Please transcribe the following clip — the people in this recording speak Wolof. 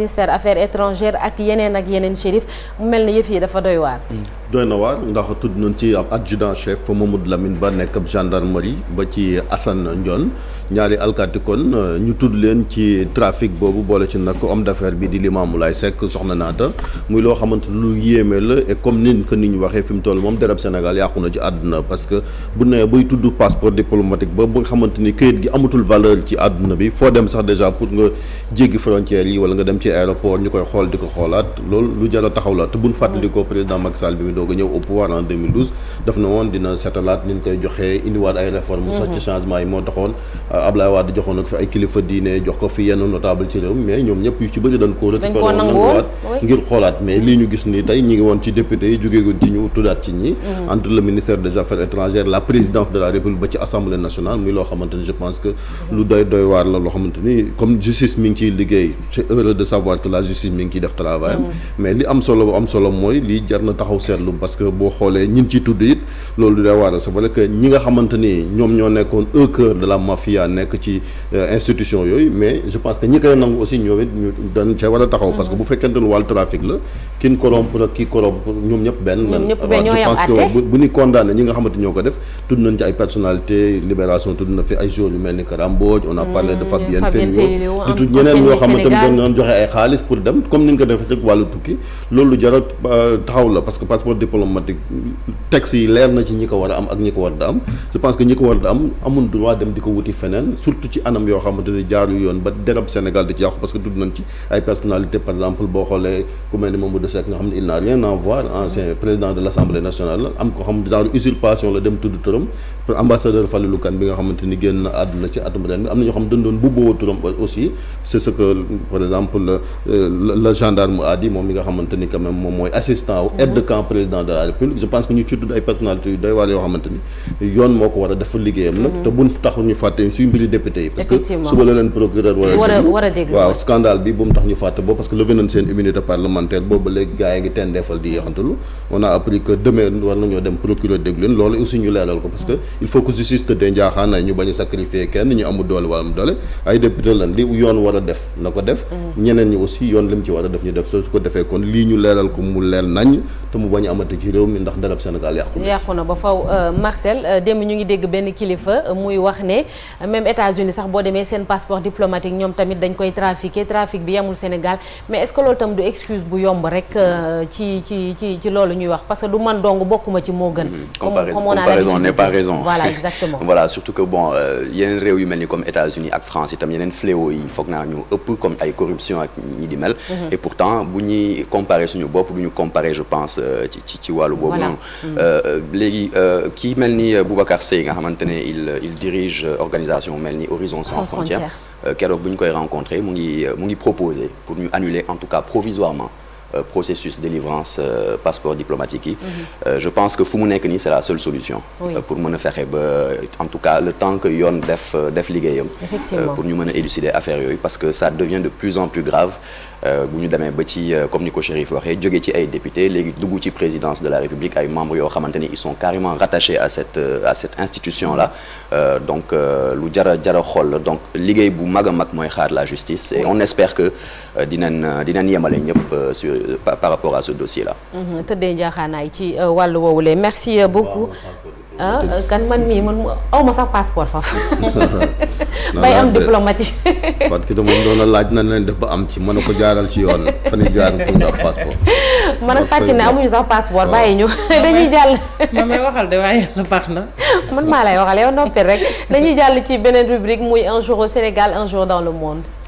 ministère affaires étrangères ak yeneen ak yeneen shérif mu mel ne yëf yi dafa doy waar. Hmm. doy na waar ndax tudd nañ ci ab adjudant chef Mamadou Lamine Ba nekk ab gendarmerie ba ci Assane Ndione ñaari alkaati kon ñu tudd leen ci trafic boobu boole ci nag homme d'affaires bi di Limamou Laye Seck soxna naata muy loo xamante lu yéeme la et comme nin ko ni ñu waxee fi mu toll moom dereb Sénégal yàqu na ci àdduna parce que bu ne buy tudd passeport diplomatique ba bu nga ni këyit gi amatul valeur ci àdduna dem sax déjà ci aéroport ñu koy xool di ko xoolaat loolu lu jar a taxaw la te buñ fàttali ko président Macky Sall bi mu doog a ñëw au pouvoir en 2012 na woon dina setalaat ni koy joxee indiwaat ay réformes sax mhm. changement yi moo taxoon euh, Abdoulaye Wade joxoon na fi ay kilifa diine jox ko fi yenn notable ci réew mais ñoom ñëpp yu ci bëri dañ ko récupéré nanguwaat ngir xoolaat mais lii ñu gis ni tey ñi ngi woon ci député yi jógeegoon ci ñu tuddaat ci ñi mhm. entre le ministère de la savoir que la justice mi ngi ciy def travail mm. mais li am solo am solo mooy lii jar na taxaw seetlu parce que boo xoolee ñin ciy tudd it loolu day waral c'est vrai ñi nga xamante ni ñoom ñoo nekkoon au cœur de la mafia nekk ci euh, institution yooyu mais je pense que ñi koy nangu aussi ñoo it ñu dañ ca war a taxaw mm. parce que bu fekkente ne wàllu trafic la kin corrompre ak kii corrompre ñoom ñëpp benn. ñoom ñëpp benn ñoo yam àtte je pense que bu ñu condamné ñi nga xamante ñoo ko def. tudd nañ ci ay personnalité libération tudd na fi ay joueurs yu mel ni Kara Mbodj. on a mm, parlé de Fabien Ferio di tudd ñeneen ñoo xamante ni dañ doon joxe ay xaalis pour dem comme ni ñu ko defee ci wàllu tukki. loolu jar a euh, taxaw la parce que passeport diplomatique texte yi leer na ci ñi ko war a am ak ñi ko war da am. je pense que ñi ko war da am amul droit dem di ko wuti feneen surtout ci anam yoo xamante ni jaaru yoon ba derab Sénégal di ci yàqu parce que tudd nañ ci ay personnalité par exemple boo xoolee ku mel ni Seck nga xam ne il n'a rien à voir ancien président de l'Assemblée nationale la am ko xam genre usurpation la dem tudd turam ambassadeur Falilou Kane bi nga xamante génn àdduna ci atum ren bi am na ñoo xam dañ doon bubboo turam aussi c'est ce que par exemple le gendarme a dit moom mi nga xamante ni moom mooy assistant aide de camp président de la république je pense que ñu ci tudd ay personnalités yu doy waar yoo xamante yoon moo ko war a def liggéeyam nag mm-hmm. te buñ taxul ñu fàtte suñu suba la leen procureur war a déglu waaw scandale bi bu mu tax ñu fàtte boobu parce il faut que justice tëddee njaaxaanaay ñu bañ a sacrifier kenn ñu amul doole wala mu doole ay député lan li yoon war a def na ko def mm. ñeneen ñi aussi yoon li ci war a def ñu def su ko defee kon lii ñu leeral ko mu leer nañ te mu bañ a amati ci réew mi ndax darab Sénégal yàqu na ba faw euh, Marcel euh, démb ñu ngi dégg benn kilifa euh, muy wax ne même États-Unis sax boo demee seen passeport diplomatique ñoom tamit dañ koy trafiqué trafic bi yamul Sénégal mais est-ce que loolu tam du excuse wax parce que du man dong bokkuma ci voilà voilà surtout que bon euh, yeneen réew yu mel ni comme États-Unis ak France itam yeneen fléau y foog naa ñu ëpp comme ay corruption ak ñi di mel mhm. et pourtant bu ñuy comparer suñu bopp du ñu comparer je pense euh, ci ci wàllu boobu noonu mhm. euh, léegi kii mel ni Boubacar Seye nga xamante ne il il dirige organisation mel ni Horizon sans frontières keroog bu ñu koy rencontrer mu ngi mu ngi proposer pour ñu annuler en tout cas provisoirement Euh, processus délivrance euh, passeport diplomatique yi. Euh, je pense que fu mu nekk nii c'est la seule solution. pour mën a fexe ba en tout cas le temps que yoon def def liggéeyam. pour ñu mën a élucider affaire yooyu parce que ça devient de plus en plus grave bu ñu demee ba ci comme ni ko Chérif waxee jóge ay députés léegi dugg ci présidence de la République ay membres yoo xamante ni ils sont carrément rattachés à cette à cette institution là donc lu jara jara xool la donc liggéey bu mag a mag mooy xaar la justice et on espère que dinañ dinañ yemale ñëpp sur. ce euh, par, par rapport à ce dossier là. Mhm, tëddee njaaxaanaay ci euh, wàllu woowule merci euh, beaucoup. Ah, kan man mii man aw ma sax passeport fa bay am diplomatique. parce que moom doon na laaj na leen def am ci mën a ko jaaral ci yoon fan yii jaar pour nga passeport. man ak fàtte ne amuñu sax passeport bàyyi ñu dañuy jàll. man may waxal de waaye yàlla baax na. man maa lay waxal yow noppi rek dañuy jàll ci beneen rubrique muy un jour au Sénégal un jour dans le monde.